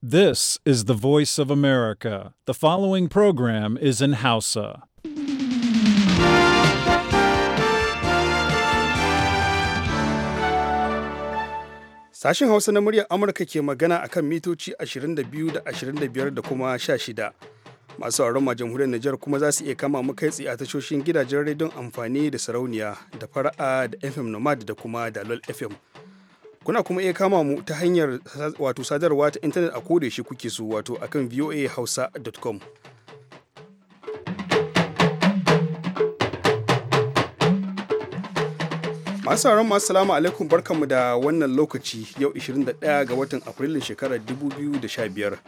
This is the voice of America. The following program is in Hausa. Sashen Hausa na muryar Amurka ke magana akan mitoci 22 da 25 da kuma 16. Masu auren ma jamhuriyar Nijar kuma za su iya kama mu kai tsaye a tashoshin gidajen rediyon amfani da sarauniya da fara'a da FM Nomad da kuma Dalol FM. Kuna kuma iya kama mu ta hanyar wato sadarwa ta intanet a koda shi kuke so wato akan voahausa.com. masu sauran masu salamu alaikum barkanmu da wannan lokaci yau 21 ga watan afrilun shekarar 2015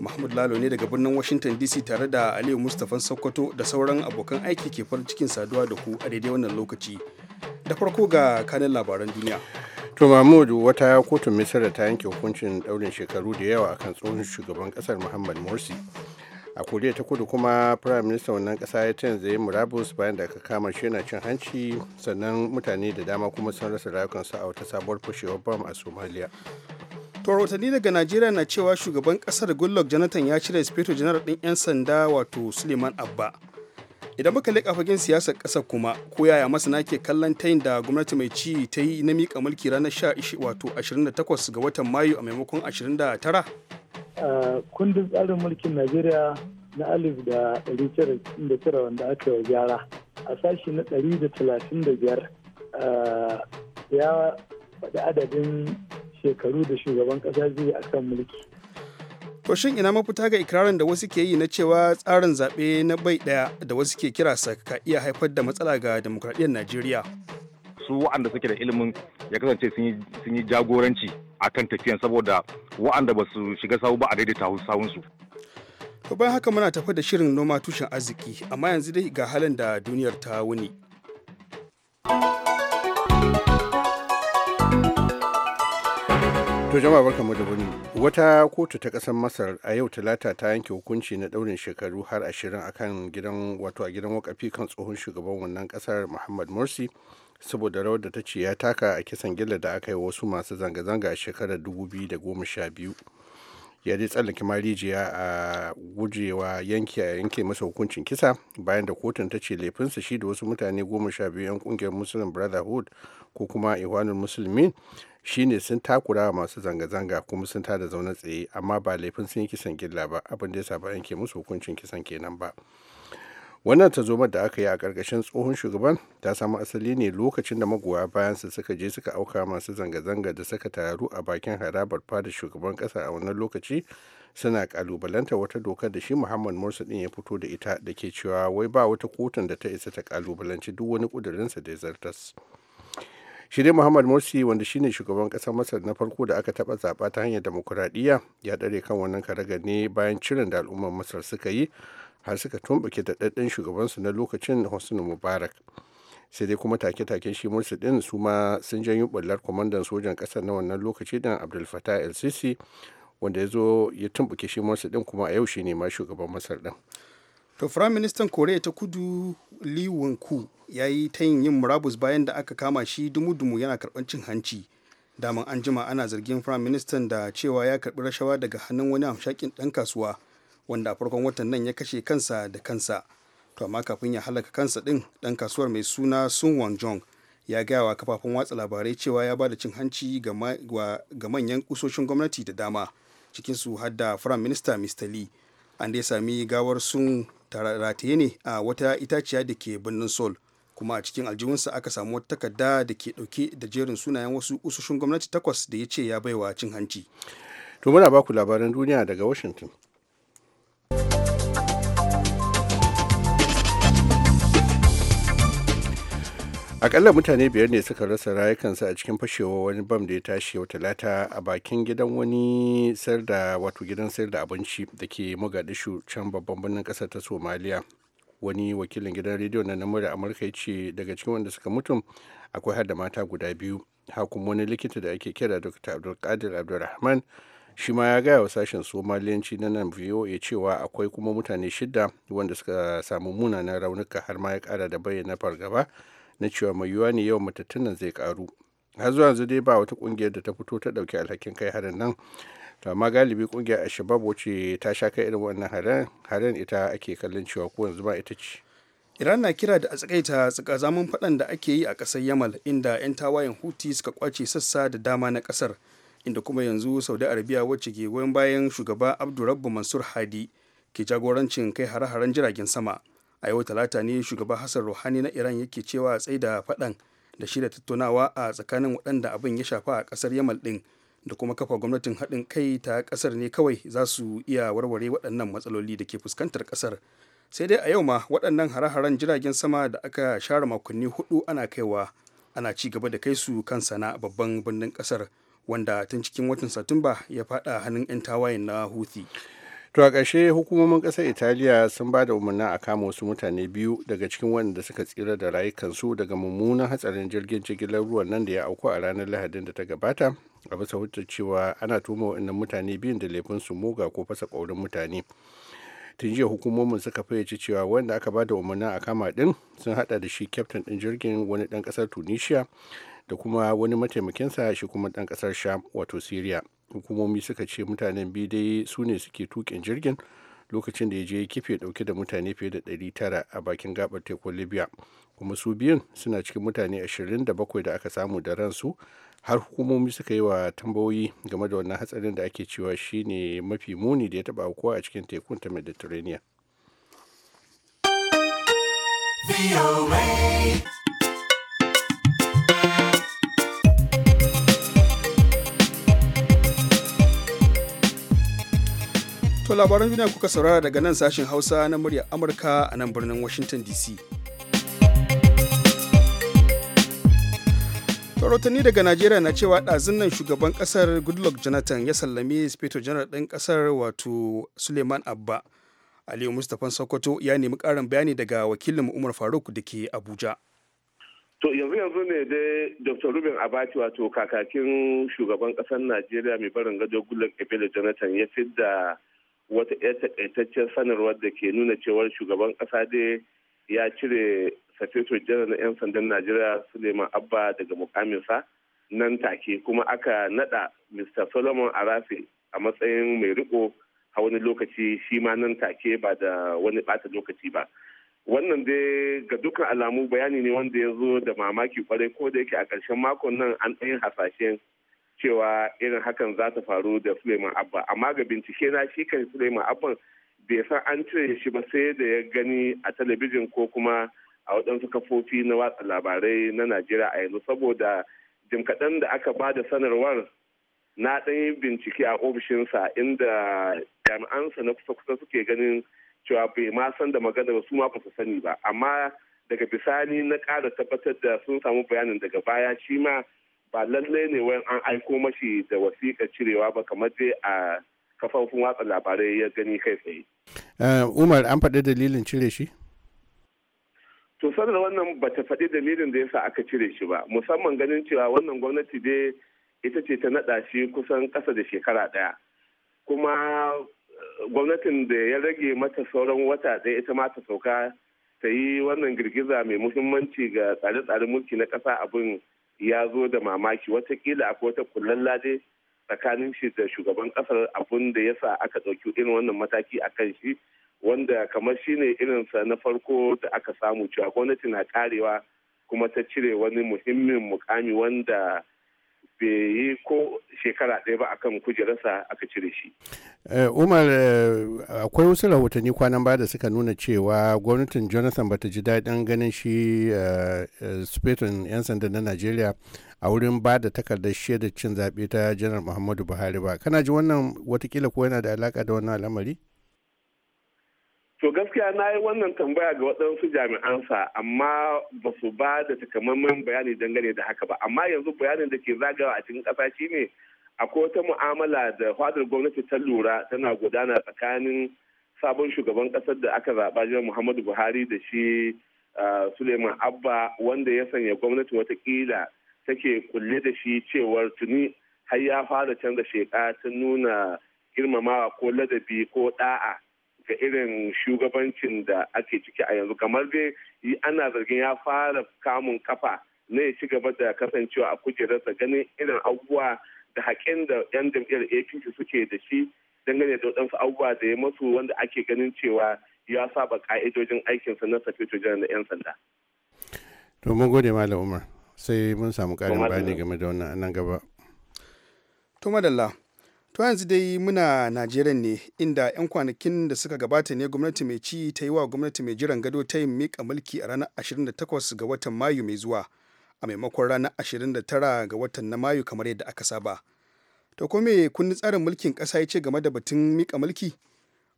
mahmud lalo ne daga birnin washington dc tare da aliyu mustapha sokoto da sauran abokan aiki ke farin cikin saduwa da ku a daidai wannan lokaci da farko ga kanin labaran duniya to mahmud wata kotun misira ta yanke hukuncin daurin shekaru da yawa akan tsohon shugaban kasar muhammad morsi a koriya ta kudu kuma prime minister wannan kasa ya canza yi murabus bayan da aka kama shi yana cin hanci sannan mutane da dama kuma sun rasa rayukansu a wata sabuwar fashewar bam a somalia rahotanni daga najeriya na cewa shugaban kasar goodluck jonathan ya cire speto general din 'yan sanda wato suleiman abba idan muka leƙa fagen siyasar ƙasar kuma ko yaya masana ke kallon tayin da gwamnati mai ci ta yi na miƙa mulki ranar sha wato 28 ga watan mayu a maimakon 29 kundin tsarin mulkin najeriya na alif da 1999 wanda aka yi gyara a sashi na 135 ya faɗi adadin shekaru da shugaban ƙasa zai a kan mulki To shin ina mafita ga ikirarin da wasu ke yi na cewa tsarin zaɓe na bai ɗaya da wasu ke kira sa ka iya haifar da matsala ga demokradiyyar Najeriya? Su wa'anda suke da ilimin ya kasance sun yi jagoranci a kan tafiyan saboda wa'anda ba su shiga sahu ba a daidaita sahunsu. To bayan haka muna tafa da shirin noma tushen arziki amma yanzu dai ga halin da duniyar ta wuni. To jama'a mu da wani wata kotu ta kasar Masar a yau talata ta yanke hukunci na daurin shekaru har ashirin akan gidan wato a gidan wakafi kan tsohon shugaban wannan kasar Muhammad Morsi saboda rawar da ta ce ya taka a kisan gilla da aka yi wasu masu zanga-zanga a shekarar 2012 ya dai tsallake marijiya a gujewa yanke yanke masa hukuncin kisa bayan da kotun ta ce laifinsa shi da wasu mutane goma sha biyu 'yan kungiyar muslim brotherhood ko kuma ihwanul musulmin shine sun takura wa masu zanga-zanga kuma sun tada zaune tsaye amma ba laifin sun yi kisan gilla ba abin da ya saba yanke musu hukuncin kisan kenan ba wannan tazomar da aka yi a ƙarƙashin tsohon shugaban ta samu asali ne lokacin da magoya bayan su suka je suka auka masu zanga-zanga da suka taru a bakin harabar fada shugaban ƙasa a wannan lokaci suna ƙalubalanta wata dokar da shi muhammad morsi din ya fito da ita da ke cewa wai ba wata kotun da ta isa ta kalubalanci duk wani ƙudurinsa da ya zartas. shirye muhammad morsi wanda shine shugaban kasar masar na farko da aka taba zaba ta hanyar demokuraɗiyya ya ɗare kan wannan karagar ne bayan cirin da al'ummar masar suka yi har suka tumɓuke daɗaɗɗen shugabansu na lokacin hosni mubarak sai dai kuma take-taken shi morsi ɗin su ma sun janyo ɓullar kwamandan sojan ƙasar na wannan lokaci ɗin abdul fatah el sisi wanda ya zo ya tumɓuke shi morsi ɗin kuma a yau shi ne ma shugaban masar ɗin to firayim ministan koriya ta kudu Li ku ya yi ta yin murabus bayan da aka kama shi dumu-dumu yana karɓar cin hanci. Daman an jima ana zargin prime minister da cewa ya karɓi rashawa daga hannun wani hamshakin ɗan kasuwa wanda a farkon watan nan ya kashe kansa da kansa. To amma kafin ya halaka kansa ɗin ɗan kasuwar mai suna Sun Wang Jong ya gaya wa kafafen watsa labarai cewa ya ba da cin hanci ga manyan kusoshin gwamnati da dama cikinsu har da prime minister Mr. Lee. an dai sami gawar sun rataye ne a wata itaciya da ke birnin sol kuma a cikin aljihunsa aka samu wata takarda da ke dauke da jerin sunayen wasu kusoshin gwamnati takwas da ya ce ya baiwa cin hanci to muna baku labaran duniya daga washington akalla mutane biyar ne suka rasa rayukansu a cikin fashewa wani bam da ya tashi yau talata a bakin gidan wani sayar da wato gidan sayar da abinci da ke mogadishu can babban birnin kasar ta somaliya wani wakilin gidan rediyo na namura amurka ya ce daga cikin wanda suka mutum akwai har da mata guda biyu hakun wani likita da ake kira dr abdulkadir abdulrahman shi ma ya gaya wa sashen somaliyanci na nan voa cewa akwai kuma mutane shida wanda suka samu munanan raunuka har ma ya kara da bayyana fargaba na cewa mai yiwuwa ne yawan matattun nan zai karu har zuwa yanzu dai ba wata kungiyar da ta fito ta ɗauki alhakin kai harin nan to amma galibi kungiyar ashabab wacce ta sha kai irin wannan harin harin ita ake kallon cewa ko yanzu ba ita ce iran na kira da a tsakaita zaman faɗan da ake yi a ƙasar yamal inda 'yan tawayen huti suka kwace sassa da dama na kasar inda kuma yanzu saudi arabia wacce ke goyon bayan shugaba abdurrabbu mansur hadi ke jagorancin kai hare-haren jiragen sama a yau talata ne shugaban hassan ruhani na iran yake cewa a da faɗan da shirya tattaunawa a tsakanin waɗanda abin ya shafa a ƙasar yamal ɗin da kuma kafa gwamnatin haɗin kai ta ƙasar ne kawai za su iya warware waɗannan matsaloli da ke fuskantar ƙasar sai dai a yau ma waɗannan hare-haren jiragen sama da aka share makonni hudu ana kaiwa ana ci gaba da kai su kan sana babban birnin ƙasar wanda tun cikin watan satumba ya faɗa hannun 'yan tawayen na huthi. to a ƙarshe hukumomin ƙasar italiya sun ba da umarni a kama wasu mutane biyu daga cikin waɗanda suka tsira da rayukansu daga mummunan hatsarin jirgin jigilar ruwan nan da ya auku a ranar lahadin da ta gabata a bisa hujjar cewa ana tuma waɗannan mutane biyun da laifin su moga ko fasa ƙaurin mutane tun jiya hukumomin suka fayyace cewa wanda aka ba da umarni a kama ɗin sun haɗa da shi kyaftin ɗin jirgin wani ɗan ƙasar tunisia da kuma wani mataimakinsa shi kuma ɗan ƙasar sham wato syria hukumomi suka ce mutanen biyu dai su ne suke tukin jirgin lokacin da ya je kife dauke da mutane fiye da 900 a bakin gabar tekun libya kuma su biyun suna cikin mutane 27 da aka samu da ransu har hukumomi suka yi wa tambayoyi game da wannan hatsarin da ake cewa shine mafi muni da ya taba aukuwa a cikin tekun ta mediterranean To labaran duniya kuka saurara daga nan sashen Hausa na murya Amurka a nan birnin Washington DC. rahotanni daga najeriya na cewa ɗazin nan shugaban ƙasar goodluck jonathan ya sallame speto janar ɗin kasar wato suleiman abba aliyu mustapha sokoto ya nemi ƙarin bayani daga wakilin umar faruk da ke abuja to yanzu yanzu ne dai dr ruben abati wato kakakin shugaban ƙasar najeriya mai barin gado goodluck ebele jonathan ya da. wata 'yar takaitaccen sanarwar da ke nuna cewar shugaban ƙasa dai ya cire safeto janar na 'yan sandan najeriya suleiman abba daga mukaminsa nan take kuma aka nada mr solomon arafi a matsayin mai riko a wani lokaci shi ma nan take ba da wani bata lokaci ba wannan dai ga dukkan alamu bayani ne wanda ya zo da mamaki kwarai ko da yake a karshen makon nan an ɗayin hasashen cewa irin hakan za ta faru da Suleiman Abba amma ga bincike na shi kan Suleiman abba bai san an cire shi ba sai da ya gani a talabijin ko kuma a waɗansu kafofi na watsa labarai na Najeriya a yanzu saboda jim kaɗan da aka ba da sanarwar na ɗan yi bincike a ofishinsa inda jami'ansa na kusa-kusa suke ganin cewa bai ma san da maganar su ma sani ba amma daga bisani na ƙara tabbatar da sun samu bayanin daga baya shi ma ba lallai ne wai an aiko mashi da wasiƙa cirewa ba kamar dai a kafafun watsa labarai ya gani kai tsaye. Eh, Umar an faɗi dalilin cire shi? To sanar wannan ba ta faɗi dalilin da yasa aka cire shi ba musamman ganin cewa wannan gwamnati dai ita ce ta naɗa shi kusan ƙasa da shekara ɗaya. Kuma eh, gwamnatin da ya rage mata sauran wata ɗaya ita ma ta sauka ta yi wannan girgiza mai muhimmanci ga tsare-tsaren mulki na ƙasa abin ya zo da mamaki watakila akwai wata kullen lade tsakanin shi da shugaban kasar abun da ya sa aka ɗauki irin wannan mataki a kan shi wanda kamar shi ne irinsa na farko da aka samu cewa gwamnati na karewa kuma ta cire wani muhimmin mukami wanda bai yi ko shekara ɗaya ba akan kujerarsa aka cire shi. Eh, Umar eh, akwai wasu rahotanni kwanan baya da suka nuna cewa gwamnatin Jonathan bata ji daɗin ganin shi eh, sufetin 'yan sanda na Najeriya a wurin ba da takardar shaidar cin zaɓe ta janar Muhammadu Buhari ba. Kana ji wannan watakila ko yana da alaƙa da wannan al'amari? To gaskiya na yi wannan tambaya ga waɗansu jami'ansa amma ba su ba da takamaiman bayani dangane da haka ba. Amma yanzu bayanin da ke zagawa a cikin ƙasa shi ne akwai wata mu'amala da fadar gwamnati ta lura tana gudana tsakanin sabon shugaban ƙasar da aka zaɓa jiya Muhammadu Buhari da shi Suleiman Abba wanda ya sanya gwamnati watakila take kulle da shi cewar tuni har ya fara canza sheƙa ta nuna girmamawa ko ladabi ko ɗa'a. ga irin shugabancin da ake ciki a yanzu kamar dai ana zargin ya fara kamun kafa na ya ci gaba da kasancewa a kujerarsa ganin irin abubuwa da haƙin da 'yan jam'iyyar apc suke da shi dangane da waɗansu abubuwa da ya masu wanda ake ganin cewa ya saba ƙa'idojin aikinsa na safeto jiran da 'yan sanda. to mun gode malam umar sai mun samu ƙarin bayani game da wannan nan gaba. to madalla To yanzu dai muna Najeriya ne inda 'yan kwanakin da suka gabata ne gwamnati mai ci ta yi wa gwamnati mai jiran gado ta yin miƙa mulki a ranar 28 ga watan Mayu mai zuwa a maimakon ranar 29 ga watan na Mayu kamar yadda aka saba. To ko me tsarin mulkin ƙasa ya ce game da batun miƙa mulki?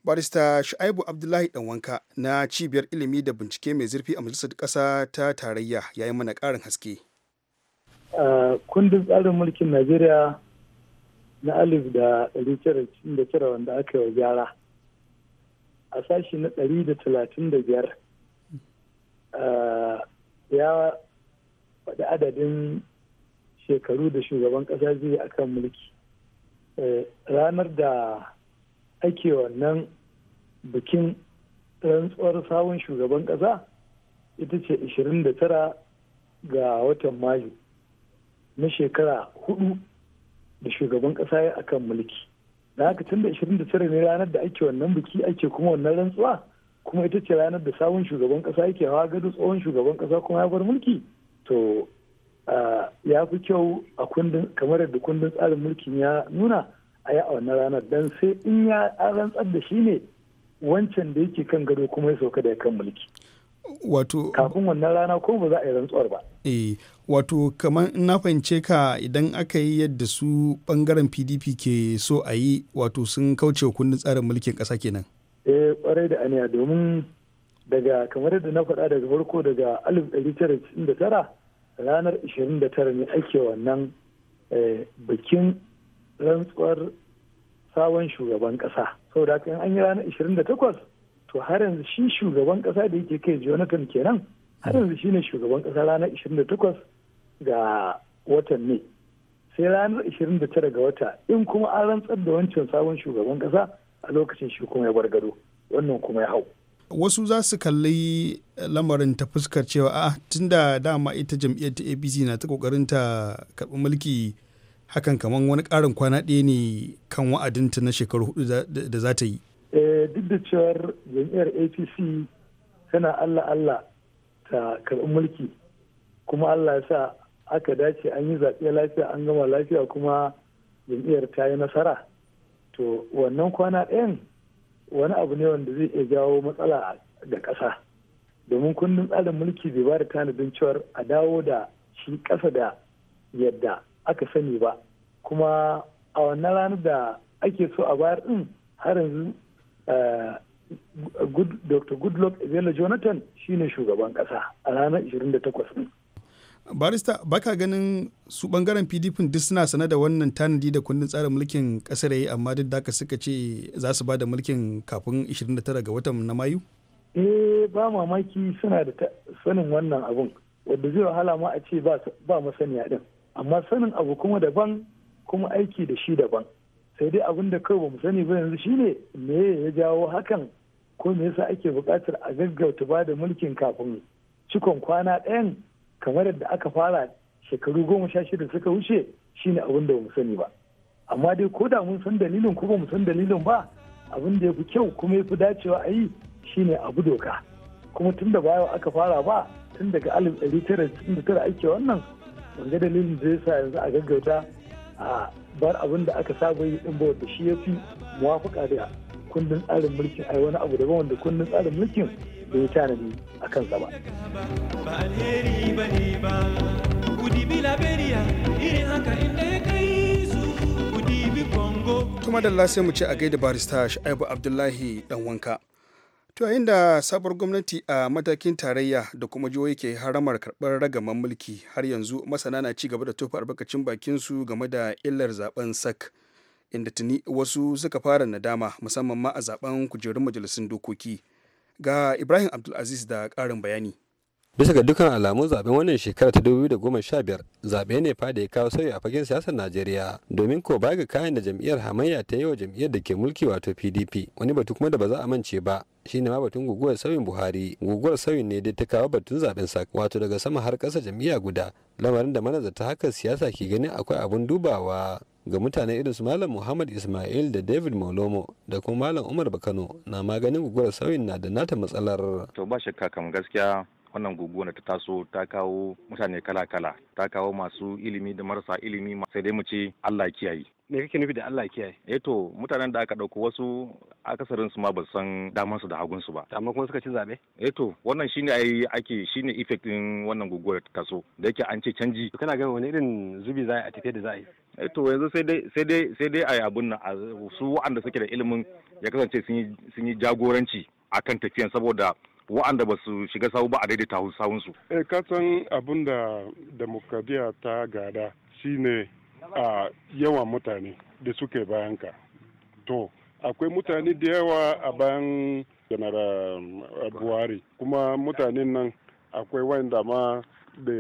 Barista Shu'aibu Abdullahi Ɗanwanka na cibiyar ilimi da bincike mai zurfi a majalisar ƙasa ta tarayya ya yi mana ƙarin haske. Uh, kundin tsarin mulkin Najeriya na alif da ɗari da tara wanda aka yi gyara a sashi na ɗari da talatin da biyar ya faɗi adadin shekaru da shugaban ƙasa zai yi akan mulki e, ranar da ake wannan bikin rantsuwar sabon shugaban ƙasa ita ce 29 ga watan mayu na shekara huɗu. da shugaban kasa ya akan mulki da haka tun da 29 ne ranar da ake wannan biki ake kuma wannan rantsuwa kuma ita ce ranar da sabon shugaban kasa yake hawa gado tsohon shugaban kasa kuma ya bar mulki to ya fi kyau a kundin kamar yadda kundin tsarin mulkin ya nuna a yi a wannan ranar dan sai in ya rantsar da shi ne wancan da yake kan gado kuma ya sauka da kan mulki wato kafin wannan rana ko ba za a yi rantsuwar ba eh wato kamar na fahimce ka idan aka yi yadda su bangaren pdp ke so a yi wato sun kauce kundin tsarin mulkin kasa kenan eh kwarai da aniya domin daga kamar da na faɗa daga farko daga 1999 ranar 29 ne ake wannan eh, bikin rantsuwar sabon shugaban kasa saboda haka an yi ranar takwas. to har yanzu shi shugaban kasa da yake kai jonathan kenan har yanzu shi ne shugaban kasa ranar 28 ga watan ne sai ranar 29 ga wata in kuma an rantsar da wancan sabon shugaban kasa a lokacin shi kuma ya bar gado wannan kuma ya hau wasu za su kalli lamarin ta fuskar cewa a tun da dama ita jam'iyyar ta abc na ta kokarin ta karɓi mulki hakan kamar wani ƙarin kwana ɗaya ne kan wa'adinta na shekaru hudu da za ta yi duk da cewar jam'iyyar apc tana allah allah ta karɓi mulki kuma allah ya sa aka dace an yi zaɓe lafiya an gama lafiya kuma jam'iyyar ta yi nasara to wannan kwana ɗayan wani abu ne wanda zai iya jawo matsala ga ƙasa domin kundin tsarin mulki bai ba da tanadin cewar a dawo da shi ƙasa da yadda aka sani ba kuma a wannan ranar da ake so a bayar ɗin har yanzu Eh, dr goodluck ebele jonathan shine shugaban kasa a ranar 28 barista baka ganin su bangaren pdp duk suna sana da wannan tanadi da kundin tsarin mulkin kasar yayi amma duk da ka suka ce za su ba da mulkin kafin 29 ga watan na mayu eh ba mamaki suna da sanin wannan abun wanda zai wahala ma a ce ba masaniya din amma sanin abu kuma daban kuma aiki da shi daban sai dai abin da kawai mu sani ba yanzu shine me ya jawo hakan ko me yasa ake buƙatar a gaggauta ba da mulkin kafin cikon kwana ɗayan kamar yadda aka fara shekaru goma sha shida suka wuce shine abin da bamu sani ba amma dai ko da mun san dalilin ko bamu san dalilin ba abin da ya fi kyau kuma ya fi dacewa a yi shine abu doka kuma tun da bayan aka fara ba tun daga alif ɗari tara ake wannan wanda dalilin da ya sa yanzu a gaggauta a bar abin da aka saba yi din da shi ya fi muwafuka da kundin tsarin mulkin ai wani abu daban wanda kundin tsarin mulkin da ya tanadi a kan ba. Ba alheri Kuma da sai mu ce a gaida barista aibu Abdullahi dan wanka. To yayin da sabuwar gwamnati a matakin tarayya da kuma jihohi ke haramar karɓar ragaman mulki har yanzu masana na ci gaba da tofa albarkacin bakin su game da illar zaben sak inda tuni wasu suka fara nadama musamman ma a zaben kujerun majalisun dokoki. Ga Ibrahim Abdulaziz da ƙarin bayani. bisa ga dukkan alamun zaben wannan shekara ta 2015 zaɓe ne fa da ya kawo sauyi a fagen siyasar najeriya domin ko ba ga kayan da jam'iyyar hamayya ta yi wa jam'iyyar da ke mulki wato pdp wani batu kuma da ba za a mance ba shi ne ma batun guguwar sauyin buhari guguwar sauyin ne dai ta kawo batun zaben sa wato daga sama har ƙasa jam'iyya guda lamarin da manazarta hakan siyasa ke ganin akwai abun dubawa ga mutane irin su malam muhammad ismail da david molomo da kuma malam umar bakano na maganin guguwar sauyin na da nata matsalar to ba shakka kam gaskiya wannan guguwar ta taso ta kawo mutane kala-kala ta kawo masu ilimi da marasa ilimi sai dai mu ce Allah kiyaye me kake nufi da Allah kiyaye eh to mutanen da aka dauko wasu akasarin su ma ba san daman su da hagun su ba amma kuma suka ci zabe eh to wannan shine ai ake shine effect din wannan guguwar ta taso da yake an ce canji kana ga wani irin zubi za a tafi da za a yi eh to yanzu sai dai sai dai sai dai ai abun nan su wa'anda suke da ilimin ya kasance sun yi jagoranci akan tafiyan saboda wa'anda ba su shiga sahu ba a daidaita sahun su E, eh, ka abin da demokradiyya ta gada shine a yawan mutane da suke bayan ka to akwai mutane da yawa a bayan janar eh, buhari kuma mutanen nan akwai wanda ma da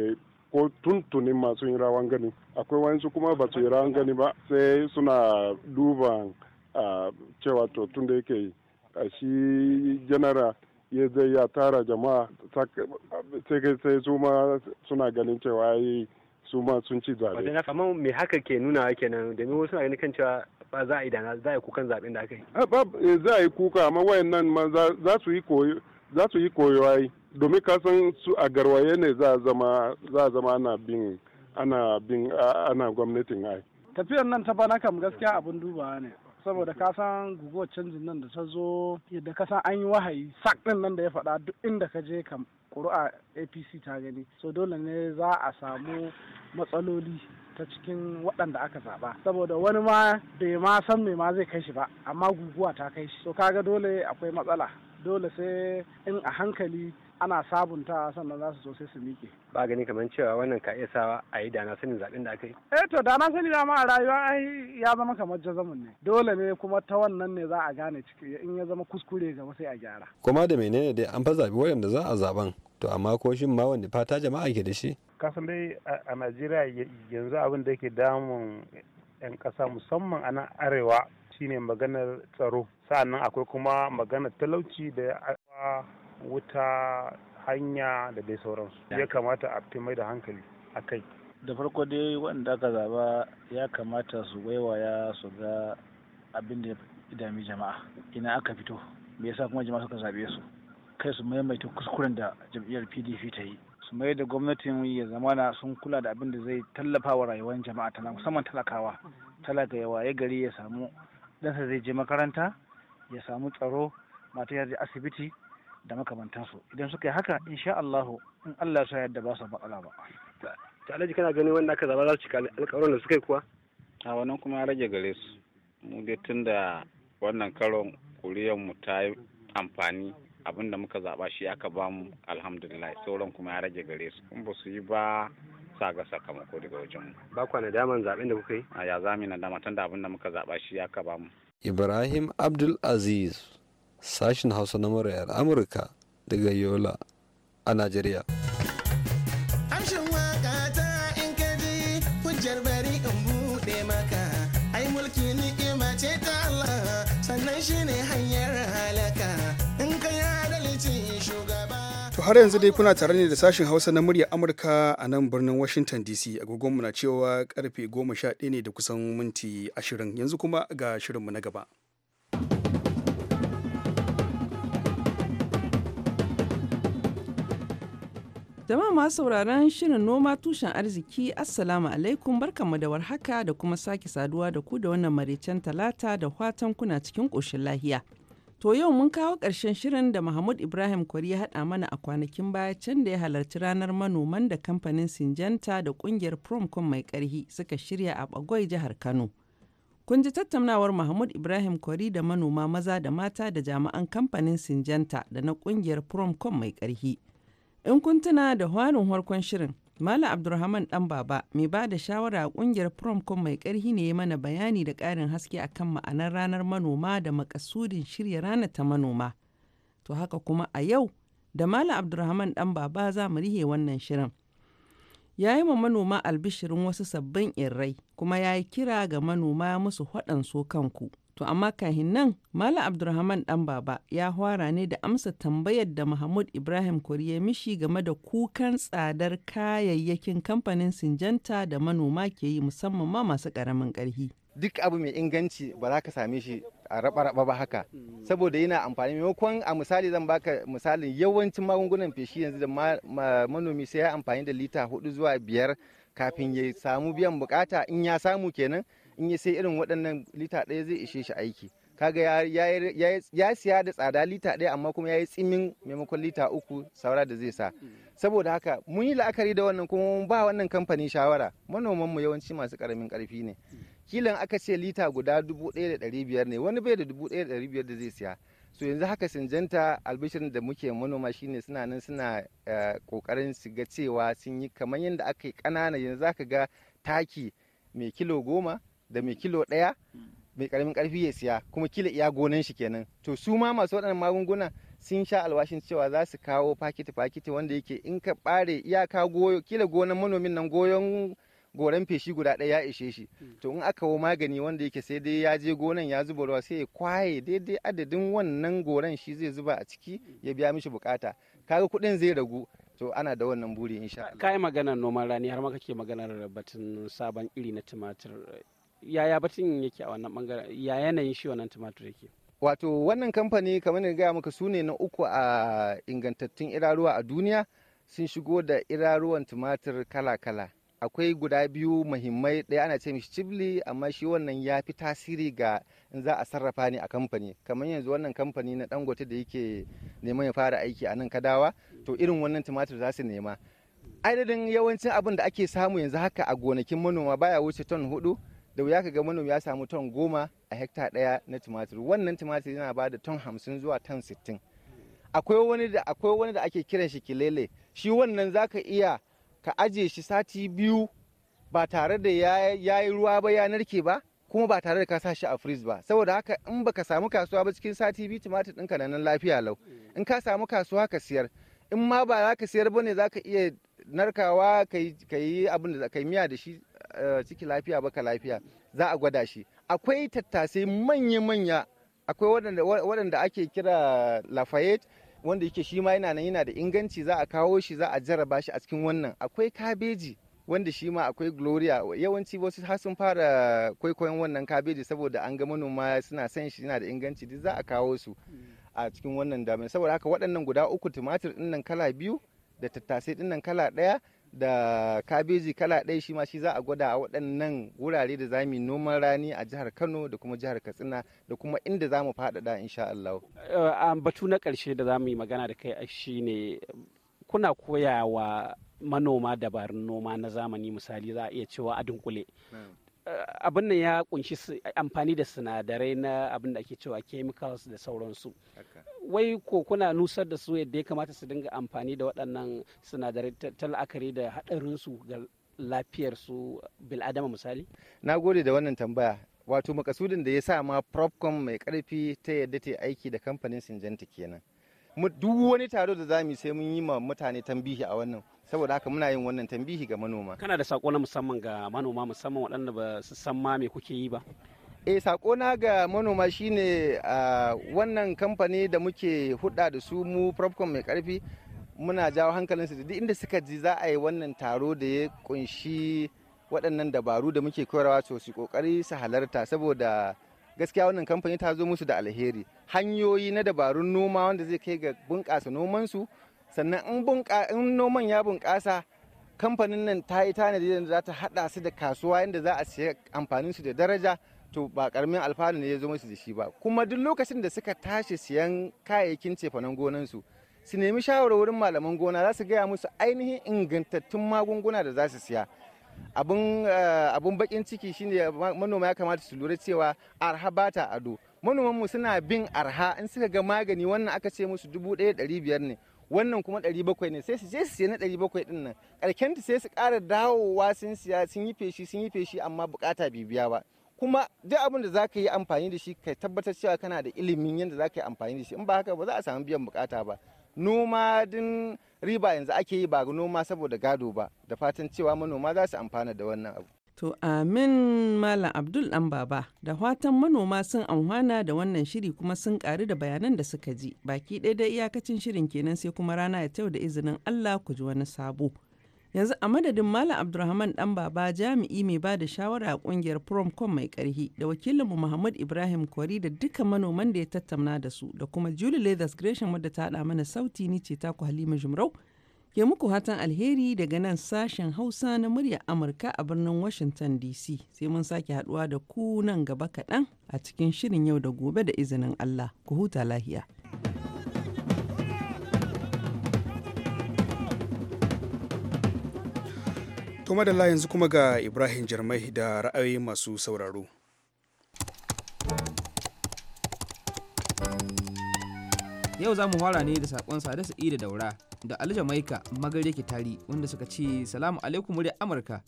ko tuntunin masu yin rawan gani akwai wayansu kuma ba su yi rawan gani ba sai suna duban cewa to tun da yake shi janara ya zai ya tara jama'a sai sai su ma suna ganin cewa yi su ma sun ci zabe. Amma me haka ke nuna kenan domin wasu suna ganin kan cewa ba za a yi dana za a yi kukan zaben da aka yi. Eh, eh, za a yi kuka amma wayan nan ma za su yi koyo za su yi koyo domin ka san su a garwaye ne za a zama za a zama ana bin ana bin ana gwamnatin ai. Tafiyar nan ta bana kam gaskiya abin dubawa ne. saboda ka san guguwar canjin nan da ta zo yadda ka san an yi wahayi sak din nan da ya faɗa duk inda ka je kam ƙuri'a apc ta gani so dole ne za a samu matsaloli ta cikin waɗanda aka zaɓa saboda wani ma bai ma san me ma zai kai shi ba amma guguwa ta kai shi so kaga dole akwai matsala dole sai in a hankali ana sabunta sannan za su zo sai su miƙe. Ba gani kamar cewa wannan ka iya sawa a yi dana sanin zaɓen da aka yi. Eh to dana sani ma a rayuwa ai ya zama kamar jazamun ne. Dole ne kuma ta wannan ne za a gane ciki in ya zama kuskure gaba sai a gyara. Kuma da menene dai an fa zaɓi waɗanda za a zaɓen to amma ko shin ma wanda fata jama'a ke da shi. Kasan dai a Najeriya yanzu abin da yake damun 'yan kasa musamman a nan arewa shine maganar tsaro sa'annan akwai kuma maganar talauci da wuta hanya da dai sauransu ya kamata a fi mai da hankali a kai da farko dai wanda aka zaba ya kamata su waiwaya su ga abin da ya jama'a ina aka fito me yasa kuma jama'a suka zabe su kai su maimaita kuskuren da jam'iyyar pdp ta yi su mai da gwamnatin ya zamana sun kula da abin da zai tallafa wa rayuwar jama'a tana musamman talakawa talakawa ya gari ya samu ɗansa zai je makaranta ya samu tsaro mata ya je asibiti da makamantansu idan suka yi haka insha Allah in Allah ya yadda ba su faɗa ba ta alhaji kana gani wanda aka zaba za su cika alƙawarin da suka yi kuwa a wannan kuma rage gare su mu dai tunda wannan karon kuriyar mu ta yi amfani abin da muka zaba shi aka ba mu alhamdulillah sauran kuma ya rage gare su in ba su yi ba sa ga sakamako daga wajen mu. ba kwa daman zaɓen da kuka yi a ya zami dama tunda abin da muka zaba shi aka ba mu Ibrahim Abdul Aziz sashen hausa na muryar amurka daga yola a najeriya har yanzu dai kuna tare ne da sashen hausa na murya amurka a nan birnin washington dc agogonmu na cewa karfe 11 ne da kusan minti 20 yanzu kuma ga shirinmu na gaba Jama'a masu sauraron shirin noma tushen arziki Assalamu alaikum barkanmu da warhaka da kuma sake saduwa da ku da wannan maricen talata da watan kuna cikin ƙoshin lahiya. To yau mun kawo ƙarshen shirin da Mahmud Ibrahim Kwari ya haɗa mana a kwanakin baya can da ya halarci ranar manoman da kamfanin Sinjanta da ƙungiyar Promcom mai ƙarhi suka shirya a Bagwai jihar Kano. Kun ji tattaunawar Mahmud Ibrahim Kwari da manoma maza da mata da jami'an kamfanin Sinjanta da na ƙungiyar Promcom mai ƙarhi. In kun tuna da hwarin harkon shirin, Malam Abdulrahman dan baba mai ba da shawara a kungiyar Promcom mai karhi ne mana bayani da ƙarin haske a kan ma'anar ranar manoma da makasudin shirya ranar ta manoma. To haka kuma a yau da Malam Abdulrahman dan baba za mu rihe wannan shirin. Ya yi ma manoma albishirin wasu sabbin irrai kuma ya yi kira ga manoma musu so kanku To amma kahin nan Malam Abdulrahman dan baba ya hwara ne da amsa tambayar da Mahmud Ibrahim Kuri mishi game da kukan tsadar kayayyakin kamfanin Sinjanta da manoma ke yi musamman ma masu karamin karfi Duk abu mai inganci ba za ka same shi a raba-raba ba haka saboda yana amfani maimakon a misali zan baka misalin yawancin magungunan feshi yanzu da manomi sai ya amfani da lita hudu zuwa biyar kafin ya samu biyan bukata in ya samu kenan in ya sai irin waɗannan lita ɗaya zai ishe shi aiki kaga ya siya da tsada lita ɗaya amma kuma ya yi tsimin maimakon lita uku saura da zai sa saboda haka mun yi la'akari da wannan kuma mun ba wannan kamfani shawara manoman mu yawanci masu karamin karfi ne kilan aka ce lita guda dubu ɗaya da ɗari biyar ne wani bai da dubu ɗaya da ɗari biyar da zai siya so yanzu haka sinjanta albishirin da muke manoma shine suna nan suna kokarin eh, su ga cewa sun yi kamar yadda aka yi ƙanana yanzu ka ga taki mai kilo goma da mai kilo ɗaya mai karamin karfi ya siya kuma kila iya gonan shi kenan to su ma masu waɗannan magunguna sun sha alwashin cewa za su kawo fakiti fakiti wanda yake in ka bare iyaka goyo kila gonan manomin nan goyon goran feshi guda ɗaya ya ishe shi hmm. to in aka wo magani wanda yake sai dai ya je gonan ya zuba ruwa sai ya kwaye daidai adadin wannan goran shi zai zuba a ciki ya biya mishi bukata kaga kuɗin zai ragu to ana da wannan buri insha Allah kai maganar noman rani har ma kake maganar batun sabon iri na tumatir yaya batun yake a wannan bangare ya yanayin shi wannan tumatur yake wato wannan kamfani kamar da gaya maka sune na uku a ingantattun iraruwa a duniya sun shigo da iraruwan tumatir kala-kala akwai guda biyu muhimmai ɗaya ana ce mishi cibli amma shi wannan ya fi tasiri ga in za a sarrafa ne a kamfani kamar yanzu wannan kamfani na dangote da yake neman ya fara aiki a nan kadawa to irin wannan tumatir za su nema adadin yawancin abin da ake samu yanzu haka a gonakin manoma baya wuce ton hudu da wuya ka ga manomi ya samu ton goma a hekta ɗaya na tumatir wannan tumatir yana ba da ton hamsin zuwa ton sittin akwai wani da ake kiran shi kilele shi wannan za ka iya ka ajiye shi sati biyu ba tare da ya yi ruwa ba ya narke ba kuma ba tare da ka sa shi a freeze ba saboda haka in baka samu kasuwa ba cikin sati biyu tumatir ɗinka na nan lafiya lau in ka samu kasuwa ka siyar in ma ba za ka siyar ba ne za ka iya narkawa ka yi abin da ka miya da shi eh, ciki lafiya baka lafiya za a gwada shi akwai tattasai manya-manya akwai waɗanda ake kira lafayette wanda yake shi ma yana nan yana da inganci za a kawo shi za a jarraba shi a cikin wannan akwai kabeji wanda shi ma akwai gloria yawanci wasu har sun fara kwaikwayon wannan kabeji saboda an ga manoma suna son shi yana da inganci duk za a kawo su a cikin wannan damin saboda haka waɗannan guda uku tumatir ɗin nan kala biyu da tattasai dinnan kala daya da kabeji kala ɗaya shi ma shi za a gwada a waɗannan wurare da za mu noman rani a jihar Kano da kuma jihar Katsina da kuma inda za mu faɗaɗa insha Allah. Uh, batu na karshe da za mu yi magana da kai ne kuna koyawa manoma dabarun noma na zamani misali za a iya cewa a dunkule abin nan ya kunshi amfani da sinadarai na abin da ake cewa chemicals da sauransu wai ko kuna nusar da su yadda ya kamata su dinga amfani da waɗannan sinadarai ta la'akari da haɗarin su ga lafiyar su bil'adama misali na gode da wannan tambaya wato makasudin da ya sa ma propcom mai karfi ta yadda ta aiki da kamfanin sinjanta kenan duk wani taro da za mu yi sai mun yi ma mutane tambihi a wannan saboda haka muna yin wannan tambihi ga manoma kana da sako na musamman ga manoma musamman waɗanda ba su san ma me kuke yi ba eh sako na ga manoma shine wannan kamfani da muke huɗa da su mu propcom mai karfi muna jawo hankalinsu da duk inda suka ji za a yi wannan taro da ya kunshi waɗannan dabaru da muke koyarwa to su kokari su halarta saboda gaskiya wannan kamfani ta zo musu da alheri hanyoyi na dabarun noma wanda zai kai ga bunƙasa nomansu sannan in in noman ya bunƙasa kamfanin nan ta yi tanadi da za ta haɗa su da kasuwa yadda za a siya amfanin su da daraja to ba karamin alfanu ne ya zo musu da shi ba kuma duk lokacin da suka tashi siyan kayayyakin cefanen gonan su su nemi shawarwarin malaman gona za su gaya musu ainihin ingantattun magunguna da za su siya abun eh, bakin ciki shine manoma ya kamata su lura cewa arha bata ado manoman mu suna bin arha in suka ga magani wannan aka ce musu dubu ɗaya ɗari biyar ne wannan kuma 700 ne sai su je su siya na 700 din nan karkenta sai su ƙara dawowa sun siya sun yi feshi sun yi feshi amma bukata bai biya ba kuma duk abin da zaka yi amfani da shi ka tabbatar cewa kana da ilimin yadda zaka yi amfani da shi in ba haka ba za a samu biyan bukata ba noma din riba yanzu ake yi ba noma saboda gado ba da fatan cewa manoma za su amfana da wannan abu To amin Malam Abdul ɗan baba da fatan manoma sun amfana da wannan shiri kuma sun ƙaru da bayanan da suka ji. Baki ɗaya da iyakacin shirin kenan sai kuma rana ya tau da izinin Allah ku ji wani sabo. Yanzu a madadin Malam Abdulrahman ɗan baba jami'i mai ba da shawara a ƙungiyar Promcom mai ƙarfi da wakilinmu Muhammad Ibrahim Kwari da duka manoman da ya tattauna da su da kuma Julie Leathers Gresham wadda ta haɗa mana sauti ni ce ta ku Halima Jumrau. ke muku hatan alheri daga nan sashen Hausa na muryar Amurka a birnin Washington DC. Sai mun sake haduwa da ku nan gaba kaɗan a cikin shirin yau da gobe da izinin Allah. Ku huta lahiya. To madalla yanzu kuma ga Ibrahim Jarmai da ra'ayoyi masu sauraro. yau za mu fara ne da sakon sada da daura da aljamaika magarya kitari wanda suka ce salamu alaikum murya amurka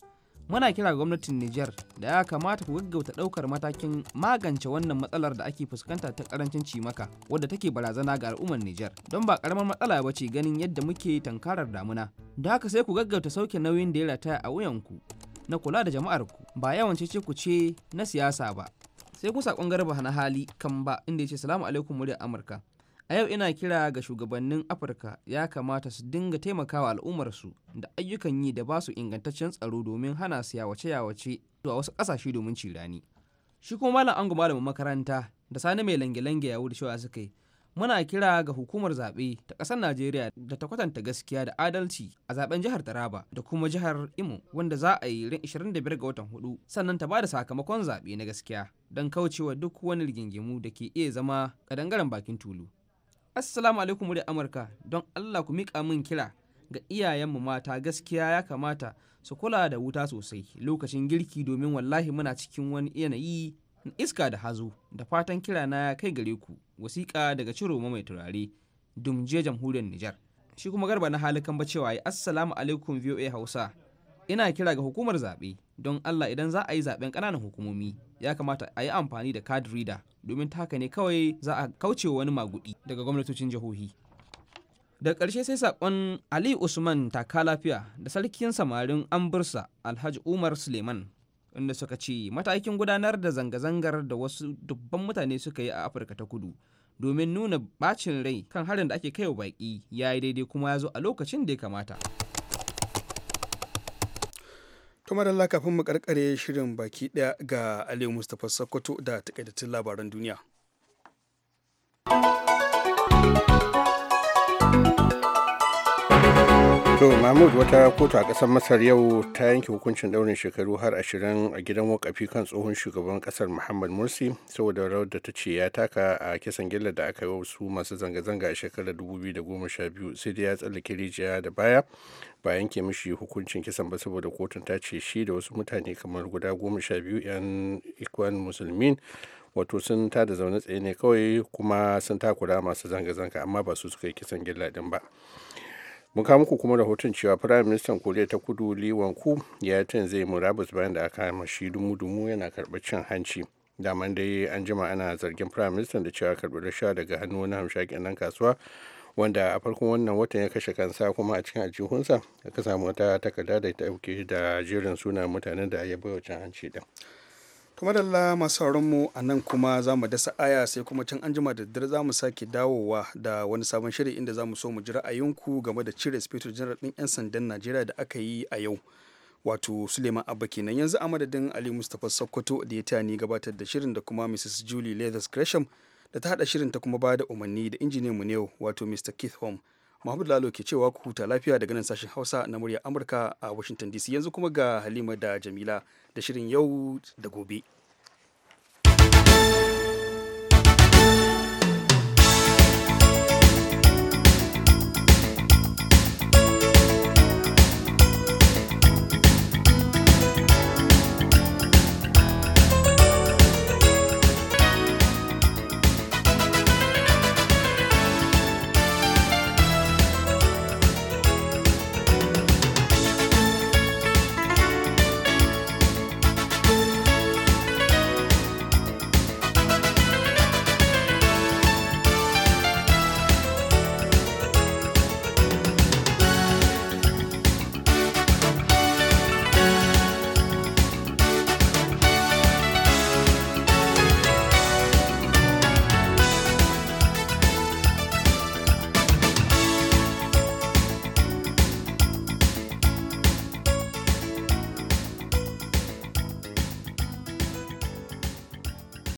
muna kira gwamnatin niger da ya kamata ku gaggauta daukar matakin magance wannan matsalar da ake fuskanta ta karancin cimaka wadda take barazana ga al'ummar niger don ba karamar matsala ba ce ganin yadda muke tankarar damuna da haka sai ku gaggauta sauke nauyin da ya rataya a wuyanku na kula da jama'ar ku ba yawan ce ku ce na siyasa ba sai ku sakon garba na hali kan ba inda ya ce salamu alaikum muryar amurka a yau ina kira ga shugabannin afirka ya kamata su dinga taimakawa al'ummarsu da ayyukan yi da ba su ingantaccen tsaro domin hana su yawace-yawace zuwa wasu kasashe domin cirani shi kuma malam ango malamin makaranta da sani mai lange-lange ya cewa suka yi muna kira ga hukumar zaɓe ta ƙasar najeriya da ta kwatanta gaskiya da adalci a zaben jihar taraba da kuma jihar imo wanda za a yi ran 25 ga watan hudu sannan ta ba da sakamakon zaɓe na gaskiya don kaucewa duk wani rigingimu da ke iya zama ƙadangaren bakin tulu assalamu alaikum da amurka don allah ku mika min kira ga iyayenmu mata gaskiya ya kamata su kula da wuta sosai lokacin girki domin wallahi muna cikin wani yanayi na iska da hazo da fatan kira na ya kai gare ku wasiƙa daga ciroma mai turare dumje jamhuriyar nijar shi kuma garba na halikan ba cewa assalamu alaikum voa hausa ina kira ga hukumar zaɓe don Allah idan za a yi zaben ƙananan hukumomi ya kamata a yi amfani da card reader domin ta haka ne kawai za a kauce wani magudi daga gwamnatocin jihohi. Da ƙarshe sai saƙon Ali Usman taka lafiya da sarkin samarin Ambursa Alhaji Umar Suleiman inda suka ce matakin gudanar da zanga-zangar da wasu dubban mutane suka yi a Afirka ta kudu domin nuna bacin rai kan harin da ake kaiwa baƙi ya yi daidai kuma ya zo a lokacin da ya kamata. tumar Allah kafin mu karkare shirin baki daya ga Aliyu Mustapha Sokoto da takaitattun labaran duniya. to mahmud wata kotu a ƙasar masar yau ta yanke hukuncin daurin shekaru har ashirin a gidan wakafi kan tsohon shugaban kasar muhammad mursi saboda rawar da ta ce ya taka a kisan gillar da aka yi wasu masu zanga-zanga a shekarar 2012 sai dai ya tsallake rijiya da baya ba yanke mishi hukuncin kisan ba saboda kotun ta ce shi da wasu mutane kamar guda goma sha biyu 'yan ikon musulmin wato sun ta da zaune tsaye ne kawai kuma sun takura masu zanga-zanga amma ba su suka yi kisan gilla din ba mun muku kuma rahoton cewa firayim ministan koriya ta kudu lee wanku ya yi zai murabus bayan da aka kama shi dumu-dumu yana karɓar cin hanci daman dai an jima ana zargin firayim ministan da cewa karɓar rasha daga hannu wani hamshakin nan kasuwa wanda a farkon wannan watan ya kashe kansa kuma a cikin aljihunsa aka samu wata takarda da ta dauke da jerin sunan mutanen da ya bai wa cin hanci din kuma da masu mu a nan kuma za mu dasa aya sai kuma can anjima da daddare za mu sake dawowa da wani sabon shiri inda za mu so mu ji ra'ayinku game da cire spiritual general din 'yan sandan najeriya da aka yi a yau wato suleiman abba kenan yanzu a madadin ali mustapha sokoto da ya tani gabatar da shirin da kuma mrs julie leathers gresham da ta hada shirin ta kuma bada umarni da injiniyan mu yau wato mr keith home muhammadu lalo ke cewa ku huta lafiya daga nan sashen hausa na murya amurka a washington dc yanzu kuma ga halima da jamila da shirin yau da gobe.